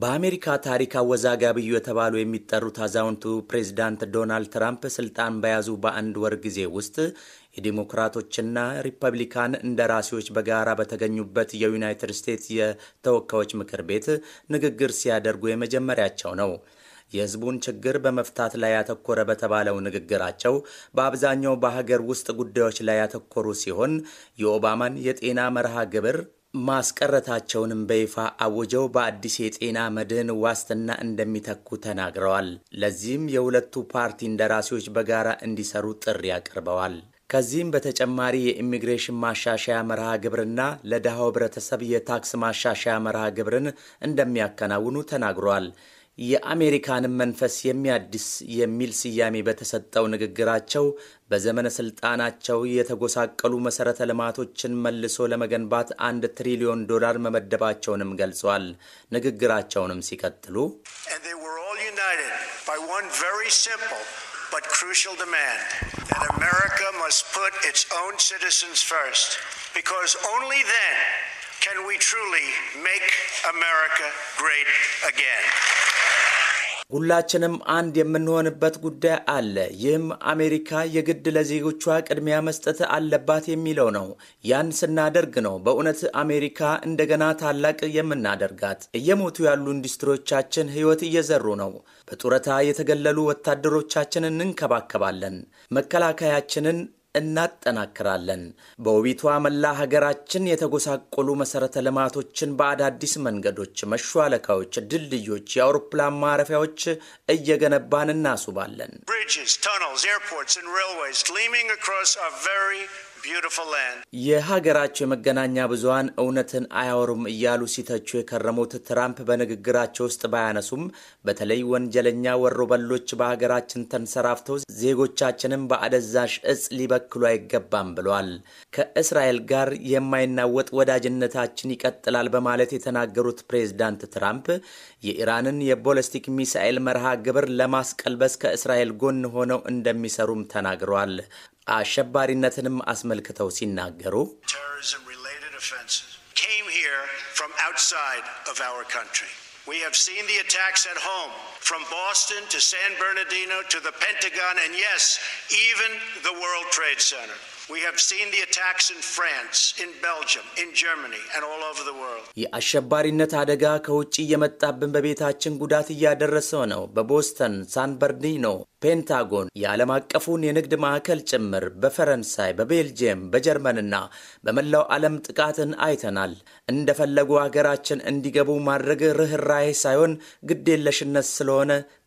በአሜሪካ ታሪክ አወዛጋቢ የተባሉ የሚጠሩት አዛውንቱ ፕሬዚዳንት ዶናልድ ትራምፕ ስልጣን በያዙ በአንድ ወር ጊዜ ውስጥ የዲሞክራቶችና ሪፐብሊካን እንደራሴዎች በጋራ በተገኙበት የዩናይትድ ስቴትስ የተወካዮች ምክር ቤት ንግግር ሲያደርጉ የመጀመሪያቸው ነው። የሕዝቡን ችግር በመፍታት ላይ ያተኮረ በተባለው ንግግራቸው በአብዛኛው በሀገር ውስጥ ጉዳዮች ላይ ያተኮሩ ሲሆን የኦባማን የጤና መርሃ ግብር ማስቀረታቸውንም በይፋ አውጀው በአዲስ የጤና መድህን ዋስትና እንደሚተኩ ተናግረዋል። ለዚህም የሁለቱ ፓርቲ እንደራሴዎች በጋራ እንዲሰሩ ጥሪ አቅርበዋል። ከዚህም በተጨማሪ የኢሚግሬሽን ማሻሻያ መርሃ ግብርና ለድሃው ህብረተሰብ የታክስ ማሻሻያ መርሃ ግብርን እንደሚያከናውኑ ተናግረዋል። የአሜሪካንም መንፈስ የሚያድስ የሚል ስያሜ በተሰጠው ንግግራቸው በዘመነ ሥልጣናቸው የተጎሳቀሉ መሠረተ ልማቶችን መልሶ ለመገንባት አንድ ትሪሊዮን ዶላር መመደባቸውንም ገልጿል። ንግግራቸውንም ሲቀጥሉ America must put its own citizens first ቢኮዝ only then Can we truly make America great again? ሁላችንም አንድ የምንሆንበት ጉዳይ አለ። ይህም አሜሪካ የግድ ለዜጎቿ ቅድሚያ መስጠት አለባት የሚለው ነው። ያን ስናደርግ ነው በእውነት አሜሪካ እንደገና ታላቅ የምናደርጋት። እየሞቱ ያሉ ኢንዱስትሪዎቻችን ሕይወት እየዘሩ ነው። በጡረታ የተገለሉ ወታደሮቻችንን እንንከባከባለን። መከላከያችንን እናጠናክራለን። በውቢቷ መላ ሀገራችን የተጎሳቆሉ መሠረተ ልማቶችን በአዳዲስ መንገዶች፣ መሿለካዎች፣ ድልድዮች፣ የአውሮፕላን ማረፊያዎች እየገነባን እናስውባለን። የሀገራቸው የመገናኛ ብዙሀን እውነትን አያወሩም እያሉ ሲተቹ የከረሙት ትራምፕ በንግግራቸው ውስጥ ባያነሱም በተለይ ወንጀለኛ ወሮ በሎች በሀገራችን ተንሰራፍተው ዜጎቻችንም በአደዛሽ እጽ ሊበክሉ አይገባም ብሏል። ከእስራኤል ጋር የማይናወጥ ወዳጅነታችን ይቀጥላል በማለት የተናገሩት ፕሬዝዳንት ትራምፕ የኢራንን የቦለስቲክ ሚሳኤል መርሃ ግብር ለማስቀልበስ ከእስራኤል ጎን ሆነው እንደሚሰሩም ተናግረዋል። አሸባሪነትንም አስመልክተው ሲናገሩ ቦስተን ሳን በርናርዲኖ ፔንታጎን ስ ኢቨን ወርልድ ትሬድ ሰንተር የአሸባሪነት አደጋ ከውጭ እየመጣብን በቤታችን ጉዳት እያደረሰ ነው። በቦስተን፣ ሳን በርኒኖ፣ ፔንታጎን፣ የዓለም አቀፉን የንግድ ማዕከል ጭምር፣ በፈረንሳይ፣ በቤልጅየም፣ በጀርመንና በመላው ዓለም ጥቃትን አይተናል። እንደፈለጉ አገራችን እንዲገቡ ማድረግ ርኅራኄ ሳይሆን ግዴለሽነት ስለሆነ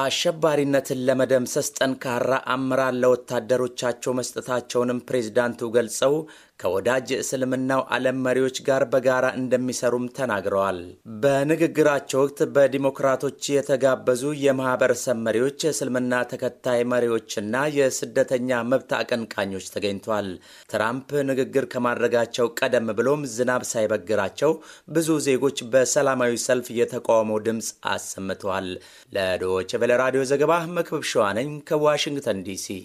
አሸባሪነትን ለመደምሰስ ጠንካራ አመራር ለወታደሮቻቸው መስጠታቸውንም ፕሬዝዳንቱ ገልጸው ከወዳጅ የእስልምናው ዓለም መሪዎች ጋር በጋራ እንደሚሰሩም ተናግረዋል። በንግግራቸው ወቅት በዲሞክራቶች የተጋበዙ የማህበረሰብ መሪዎች፣ የእስልምና ተከታይ መሪዎችና የስደተኛ መብት አቀንቃኞች ተገኝተዋል። ትራምፕ ንግግር ከማድረጋቸው ቀደም ብሎም ዝናብ ሳይበግራቸው ብዙ ዜጎች በሰላማዊ ሰልፍ የተቃውሞ ድምፅ አሰምተዋል። ለዶች ለዶይቼ ቬለ ራዲዮ ዘገባ መክበብ ሸዋነኝ ከዋሽንግተን ዲሲ